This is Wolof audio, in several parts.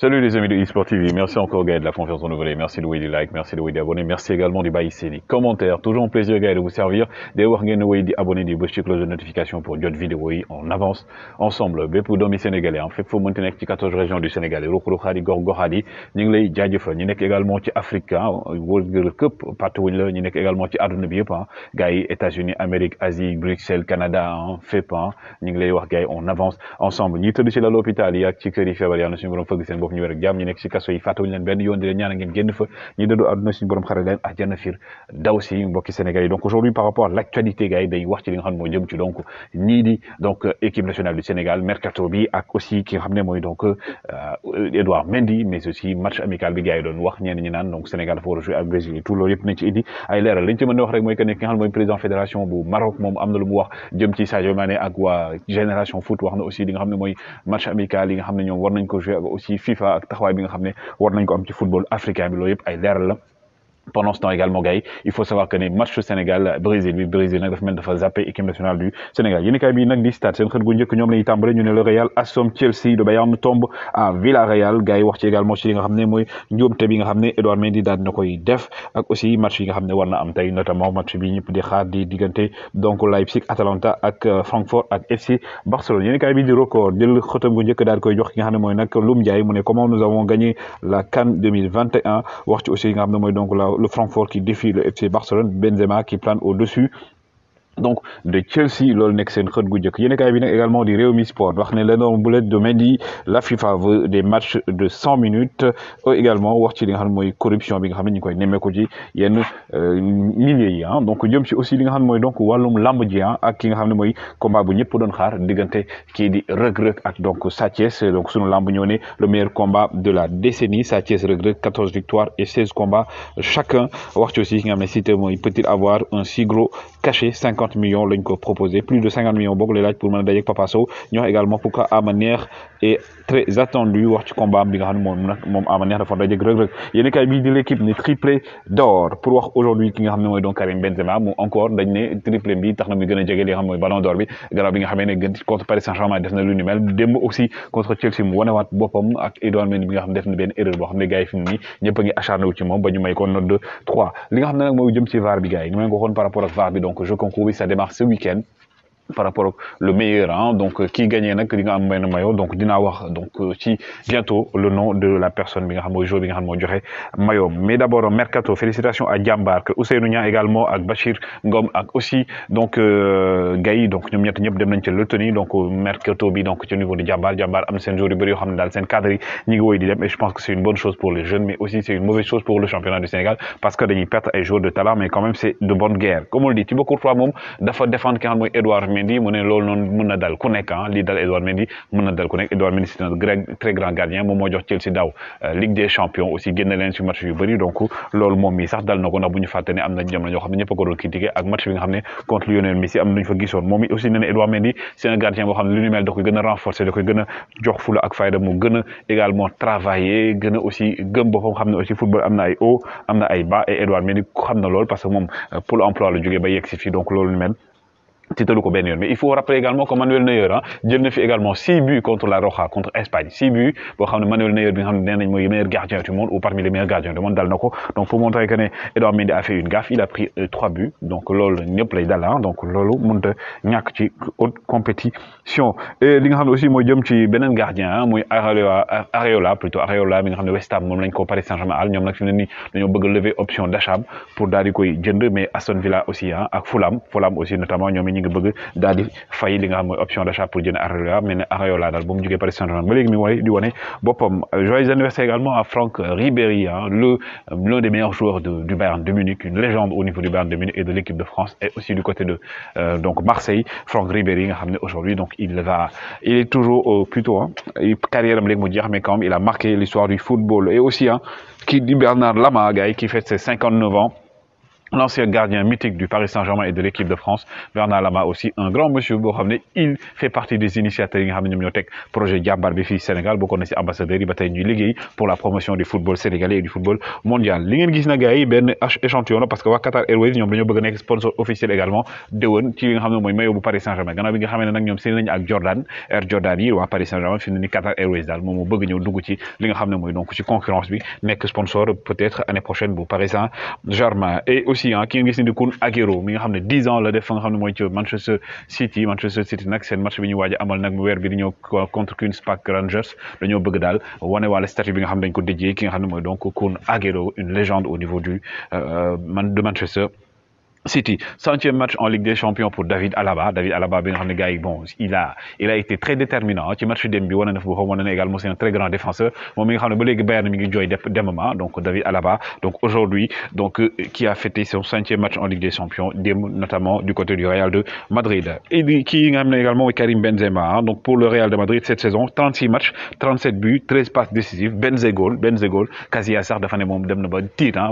Salut les amis de eSport TV, merci encore Gaël de la confiance renouvelée, merci Louis du like, merci Louis des abonné, merci également du bail les des commentaires, toujours un plaisir Gaël de vous servir, des wargain Louis des abonnés, des bouches cloche de notification pour d'autres vidéos en avance, ensemble, Bepou Domi Sénégalais, en fait, faut monter les 14 régions du Sénégal, Rokurukhadi, Gorgohadi, Ningley, Djadjefa, Ninek également qui Afrique, ah, World Cup, partout là, Ninek également qui Adon Biepa, Gaï, États-Unis, Amérique, Asie, Bruxelles, Canada, ah, FEPA, ah, Ningley, Wargaï, on avance, ensemble, Nito de chez l'hôpital, Yak, Chikeri, Février, nous foofu ñu wér ak ñu nekk si kaso yi ñu leen benn yoon di leen ñaan ngeen génn fa ñu dëddu àdduna suñu borom xare leen àjjana fiir daw si mbokki Sénégal yi donc aujourd'hui par rapport à l'actualité gars yi dañuy wax ci li nga xam ne mooy jëm ci donc ñii di donc euh, équipe nationale du Sénégal mercato bi ak aussi ki nga xam ne mooy donc euh, euh, Edouard Mendy mais aussi match amical bi gars yi doon wax ñenn ñi naan donc Sénégal dafa war a jouer ak Brésil tout loolu yëpp nañ ci indi ay leeral lañ ci mën a wax rek mooy que ne ki nga xam ne mooy président fédération bu Maroc moom am na lu mu wax jëm ci Sadio Mané ak waa génération foot wax na aussi li nga xam ne mooy match amical yi nga xam ne ñoom war nañ ko jouer ak aussi FIFA FIFA ak taxawaay bi nga xam ne war nañ ko am ci football africain bi loolu yëpp ay leeral la pendant ce temps également gars il faut savoir que matchs au Sénégal Brésil bi Brésil nak dafa mel dafa zappé équipe nationale du Sénégal yéen kay bi nak di stade sen xët gu ñëk ñom la tambalé ñu né le Real Assom Chelsea le Bayern tombe à Villarreal gars yi wax ci également ci nga xamné moy ñoom té bi nga xamné ne Edouard Mendy daal nakoy def ak aussi match yi nga xamné ne war na am tay notamment match bi ñëpp di xaar di diggante donc Leipzig Atalanta ak euh, Francfort ak FC Barcelone yéen kay bi di record jël xëtam gu ñëk daal koy jox ki nga xamné moy nak Lum Loum Ndiaye mu ne comment nous avons gagné la CAN 2021 wax ci aussi nga xamné ne donc la le Francfort qui défie le FC Barcelone, Benzema qui plane au-dessus donc de Chelsea loolu nek sen Il gu yene kay bi nag également di Rewmi Sport wax ne l'énorme boulette de Mendy la FIFA veut des matchs de 100 minutes également wax ci li nga xam moy corruption bi nga xam ne koy nemmeeku ci yenn euh, milliers ah. donc jëm ci aussi li nga xam moy donc walum lamb ji hein ak ki nga xam ne combat bu ñëpp doon xaar diggante ki di Reug Reug ak donc Sa donc sunu lamb le meilleur combat de la décennie Sa Reug Reug 14 victoires et 16 combats chacun wax ci aussi nga xam cité moy peut-il avoir un si caché 50 millions lañ ko proposé plus de 50 millions bokk lay laaj pour man dajek Papa Sow ñox wax également pour Ama Neex est très attendu wax ci combat bi nga xamne mom nak mom moom Ama Neex dafa dajek rek rek yene kay bi di l'équipe ni triplé d'or pour wax aujourd'hui ki nga xamne moy donc Karim Benzema mo encore dañ né triplé bi tax na muy gëna a li nga xam ne ballon d'or bi gannaaw bi nga xamee gën contre Paris Saint-Germain def na lu ni mel démb aussi contre Chelsea mu wat bopam ak Edouard Mendy bi nga xamne def na ben erreur boo xam gaay gars fi ni ñepp ñëpp acharné wu ci mom ba ñu may ko note 3 li nga xamne nak moy jëm ci VAR bi gaay ni ma ko waxoon par rapport ak VAR bi donc je concours et ça démarre ce week-end par rapport au meilleur hein, donc euh, qui gagne nak am donc dina wax donc aussi euh, bientôt le nom de la personne bi nga xam nga xam mais d'abord mercato félicitations à Diambar que Ousseynou Niang également ak Bachir Ngom aussi donc euh, Gaï donc nous ñet ñep dem nañ ci donc mercato bi donc ci niveau de Diambar Diambar am sen jour yu bëri yo xam dal sen ñi ngi di dem et je pense que c'est une bonne chose pour les jeunes mais aussi c'est une mauvaise chose pour le championnat du Sénégal parce que dañuy perdre ay joueurs de talent mais quand même c'est de bonne guerre comme on le dit Thibaut Courtois mom dafa défendre Edouard nga Mendy mu ne loolu noonu mën na dal ku nekk ah lii dal Edouard Mendy na dal ku nekk Edouard Mendy c'est un très grand gardien moom moo jox Chelsea daw euh, Ligue des champions aussi génne leen ci match yu bëri donc loolu moom sax dal na ko ndax bu ñu fàtte ne am na jamono xam ne ñëpp a ko doon critiquer ak match bi nga xam ne contre Lionel Messi am na ñu fa gisoon moom aussi nee na Edouard Mendy c'est un gardien boo xam ne lu ñu mel da koy gën a renforcer da koy gën a jox fula ak fayda mu gën a également travailler gën a aussi gëm boppam xam ne aussi football am na ay haut am na ay bas et Edouard Mendy xam na loolu parce que moom euh, Pôle emploi la jógee ba yegg si fii donc loolu ñu mel mais il faut rappeler également que Manuel Neuer hein, également 6 buts contre la Roja contre Espagne 6 buts pour Manuel Neuer bi nga meilleur gardien du monde ou parmi les meilleurs gardiens du monde dal il montrer que Edouard Mendy a fait une gaffe il a pris 3 euh, buts donc l'OL hein. donc compétition et il y a aussi gardien hein, Areola plutôt Areola nga West Ham lañ Paris Saint-Germain option d'achat pour d'ailleurs, mais Aston Villa aussi hein, Fulham Fulham aussi notamment ñu pour mais Paris Saint-Germain mi joyeux anniversaire également à Franck Ribéry hein, le l'un des meilleurs joueurs du Bayern de Munich une légende au niveau du Bayern de Munich et de l'équipe de France et aussi du côté de euh, donc Marseille Franck Ribéry nga aujourd'hui donc il va il est toujours euh, plutôt hein, carrière am mais quand il a marqué l'histoire du football et aussi qui hein, dit Bernard Lama qui fête ses 59 ans l'ancien gardien mythique du Paris Saint-Germain et de l'équipe de France Bernard Lama aussi un grand monsieur boo il fait partie des initiateurs yi nga projet jàmbaar bi Sénégal bokkoon na l'ambassadeur ambassadeurs yi ba pour la promotion du football sénégalais et du football mondial li ngeen gis na gars yi échantillon parce que Qatar Airways ñoom dañoo bëgg sponsor officiel également de ci nga Paris Saint-Germain gannaaw bi nga xam ne nag ñoom seen à Jordan Air Jordan yi waa Paris Saint-Germain fi ni Qatar Airways daal moom moo bëgg ñëw dugg ci donc ci concurrence bi que sponsor peut-être l'année prochaine bu Paris Saint-Germain et aussi aussi hein, ki nga de Kun ans Manchester City Manchester City amal contre Queen's Rangers bëgg bi nga dañ ko ki Kun une légende au niveau du euh, euh, de Manchester City, centième match en Ligue des Champions pour David Alaba. David Alaba, bon, il a, il a été très déterminant. match on a également, c'est un très grand défenseur. Donc David Alaba, donc aujourd'hui, donc euh, qui a fêté son centième match en Ligue des Champions, notamment du côté du Real de Madrid. Et qui a également Karim Benzema. Hein, donc pour le Real de Madrid cette saison, 36 matchs, 37 buts, 13 passes décisives, Benzegol, Benzegol, Casillas dafa né mom hein,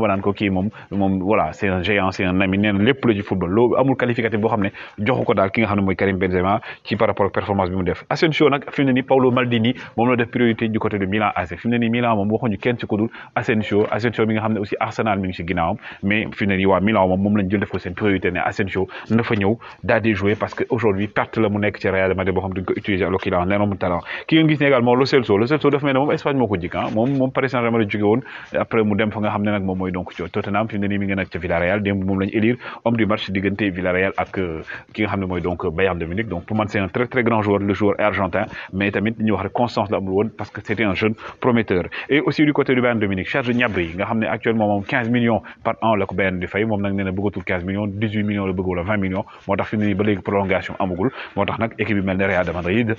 voilà c'est un géant, c'est un ami xam lépp la ci football lo amul qualificatif bo xamné joxuko dal ki nga xamné moy Karim Benzema ci par rapport ak performance bi mu def Asensio nag fi mu ne Paolo Maldini mom la def priorité du côté de Milan AC fimné ni Milan mom waxuñu kenn ci ko dul Asensio Asensio mi nga xamné aussi Arsenal mi ngi ci ginaaw mais fimné ni wa Milan mom mom lañu jël def ko sen priorité ne Asensio na fa ñëw dal di jouer parce que aujourd'hui perte la mu nekk ci Real Madrid bo xamné duñ ko utiliser alors qu'il a un énorme talent ki nga gis né également Lo Celso Lo Celso dafa mel ne moom Espagne moko jik hein ah, mom mom Paris Saint-Germain la jóge woon après mu dem fa nga xamné nak mom moy mooy donc Tottenham fimné ni mi nga nak ci Villarreal dem mom lañu élire homme du match diganté Villarreal ak euh, ki nga donc euh, Bayern de Munich donc pour moi, c'est un très très grand joueur le joueur argentin mais tamit ñu wax conscience constance la amul parce que c'était un jeune prometteur et aussi du côté du Bayern de Munich Serge Gnabry nga xam actuellement 15 millions par an la ko Bayern di fay mom nak néna bëggatul 15 millions 18 millions la 20 millions motax fini une prolongation en ba léegi prolongation amagul motax nak équipe bi de Madrid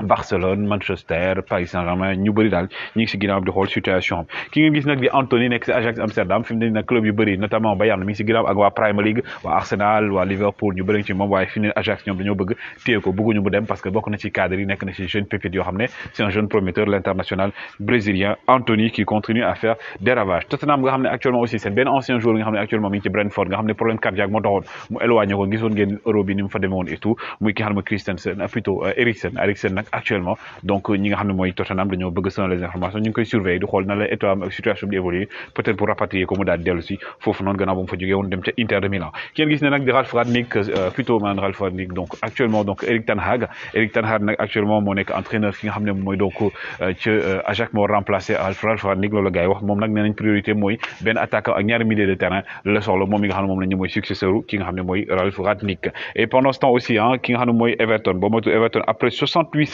Barcelone Manchester Paris Saint-Germain ñu bëri daal ñu ngi si ginnaaw bi di xool situation am ki nga gis nag di Anthony nekk si Ajax Amsterdam fi mu ne nag club yu bëri notamment Bayern mi ngi si ginnaaw ak waa Premier League waa Arsenal waa Liverpool ñu bëri ci moom waaye fi mu ne Ajax ñoom dañoo bëgg téye ko bëgguñu mu dem parce que bokk na ci cadre yi nekk na ci jeune pépite yoo xam ne c'est un jeune prometteur l'international brésilien Anthony qui continue à faire des ravages Tottenham nga xam ne actuellement aussi seen benn ancien joueur nga xam ne actuellement mi ngi ci Brentford nga xam ne problème cardiaque moo taxoon mu éloigné ko gisoon ngeen euro bi ni mu fa demee woon et tout muy ki xam ne Christensen plutôt euh, Eriksen Eriksen actuellement donc ñi nga xam moy Tottenham dañu bëgg sonal les informations ñu koy surveiller du xol na la état ak situation bi évoluer peut-être pour rapatrier ko mu daal dellu ci fofu non gëna bu mu fa joggé won dem ci Inter de Milan kene gis ne nak di Ralf Rangnick euh, plutôt man Ralf Rangnick donc actuellement donc Eric Ten Hag Eric Ten Hag nak actuellement mo nek entraîneur ki nga xam moy donc euh, ca euh, Ajax mo remplacer Ralf Rangnick lolu gay wax mom nak né nañ priorité moy ben attaquant ak ñaari milieu de terrain le soxla mom mi nga xam mom moom la ñu moy successeur ki nga xam moy Ralf Rangnick et pendant ce temps aussi hein ki nga xam moy Everton boo tu Everton après 68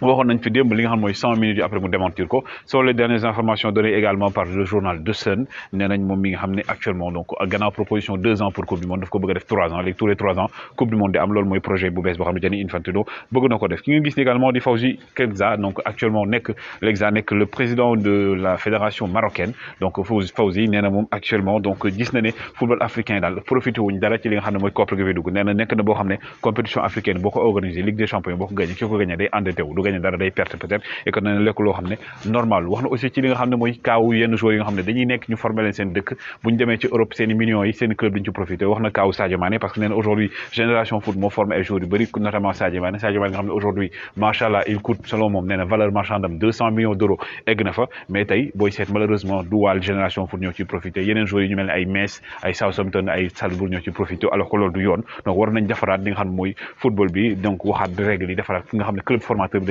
waxoon nañ fi démb li nga xam mooy cent minutes yi après mu démentir ko selon les dernières informations données également par le journal de Sun nee nañ moom mi nga xam ne actuellement donc gannaaw proposition deux ans pour coupe du monde daf ko bëgg a def trois ans léegi tous les trois ans coupe du monde di am loolu mooy projet bu bees boo xam ne Gianni Infantino bëgg na ko def ki nga gis ni également di Fawzi Kenza donc actuellement nekk l'exa nekk le président de la fédération marocaine donc Fawzi nee na moom actuellement donc gis na ne football africain daal profité wuñ dara ci li nga xam ne mooy koppar gi dugg nee na nekk na boo xam ne compétition africaine boo ko organisé Ligue des champions boo ko gagné ki ko gagné day endetté gagné dara day perte peut-être et que dana xam ne normal wax na aussi ci li nga xam ne mooy kaaw yenn joueurs nga xam ne dañuy nekk ñu formé leen seen dëkk bu ñu demee ci Europe seen i yi seen club duñu ci profité wax na kaaw Sadio parce que nee aujourd'hui génération foot moo formé ay joueurs yu bëri notamment Sadio aujourd'hui machallah il coûte selon moom nee na valeur marchandam deux cent d'euros egg fa mais tey booy seet malheureusement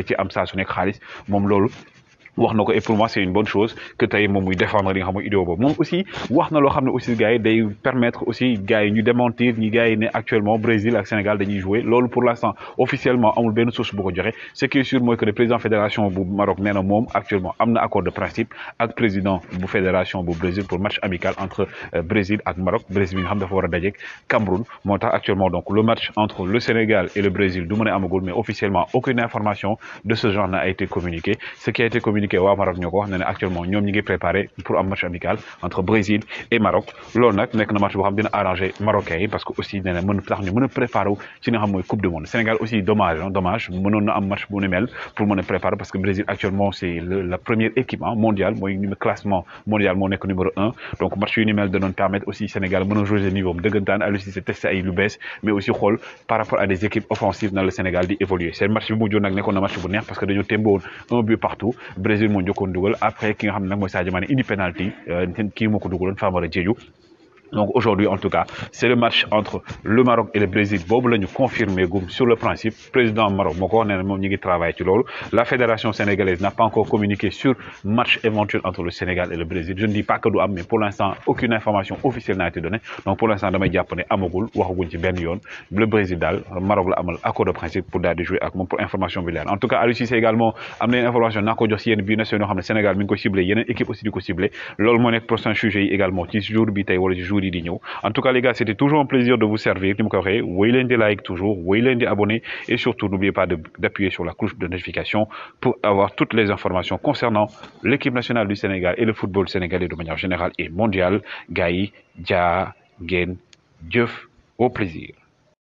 ci am saa su nekk xaalis moom loolu et pour moi c'est une bonne chose que tu moom muy défendre li nga xamou idéo aussi wax na loo aussi gars yi day permettre aussi gars yi ñu démentir ñi gars yi actuellement Brésil ak Sénégal dañuy jouer lolu pour l'instant officiellement amul ne source bu ko joxé ce qui est sûr moi que le président fédération bu Maroc néna mom actuellement amna accord de principe le président bu fédération bu Brésil pour match amical entre euh, Brésil ak Maroc Brésil nga xam dafa wara dajé Cameroun motax actuellement donc le match entre le Sénégal et le Brésil du mën amagul mais officiellement aucune information de ce genre n'a été communiquée ce qui a été communiqué communiqué wa Maroc actuellement ñom ñi ngi préparé pour un match amical entre Brésil et Maroc Nous nak nek na match bo xam dina Marocains parce que aussi né mëna tax ñu préparer préparé ci coupe du monde Sénégal aussi dommage hein, dommage nous na am match bu mel pour nous préparer parce que Brésil actuellement c'est la première équipe hein, mondiale le classement mondial mo nek numéro 1. donc match yu ni mel da non permettre aussi Sénégal mëna jouer au niveau de dëggantaan Aliou c'est testé ay lu baisse, mais aussi xol par rapport à des équipes offensives dans le Sénégal d'évoluer. C'est un match bi nous nak nekkoon na match bu neex parce que nous témboon un but partout Brésil moo njëkkoon dugal après ki xam ne nag mooy Sadio Mané indi penalty euh, kii moo ko dugaloon Famara Diédhiou Donc aujourd'hui, en tout cas, c'est le match entre le Maroc et le Brésil. Bob nous confirmé sur le principe. président Maroc, travaille La fédération sénégalaise n'a pas encore communiqué sur match éventuel entre le Sénégal et le Brésil. Je ne dis pas que nous mais pour l'instant, aucune information officielle n'a été donnée. Donc pour l'instant, je japonais Amogul, Ben Yon, le Brésil, le Maroc, amal accord de principe pour d'aller jouer avec moi pour information bilaire. En tout cas, à Lucie, c'est également amené une information. le Sénégal, il y a une équipe aussi du coup ciblé. L'Olmonek, prochain sujet également, jours, jour en tout cas les gars c'était toujours un plaisir de vous servir N'oubliez pas ko toujours woy des et surtout n'oubliez pas d'appuyer sur la cloche de notification pour avoir toutes les informations concernant l'équipe nationale du Sénégal et le football sénégalais de manière générale et mondiale Gaï, yi Gen, dieu au plaisir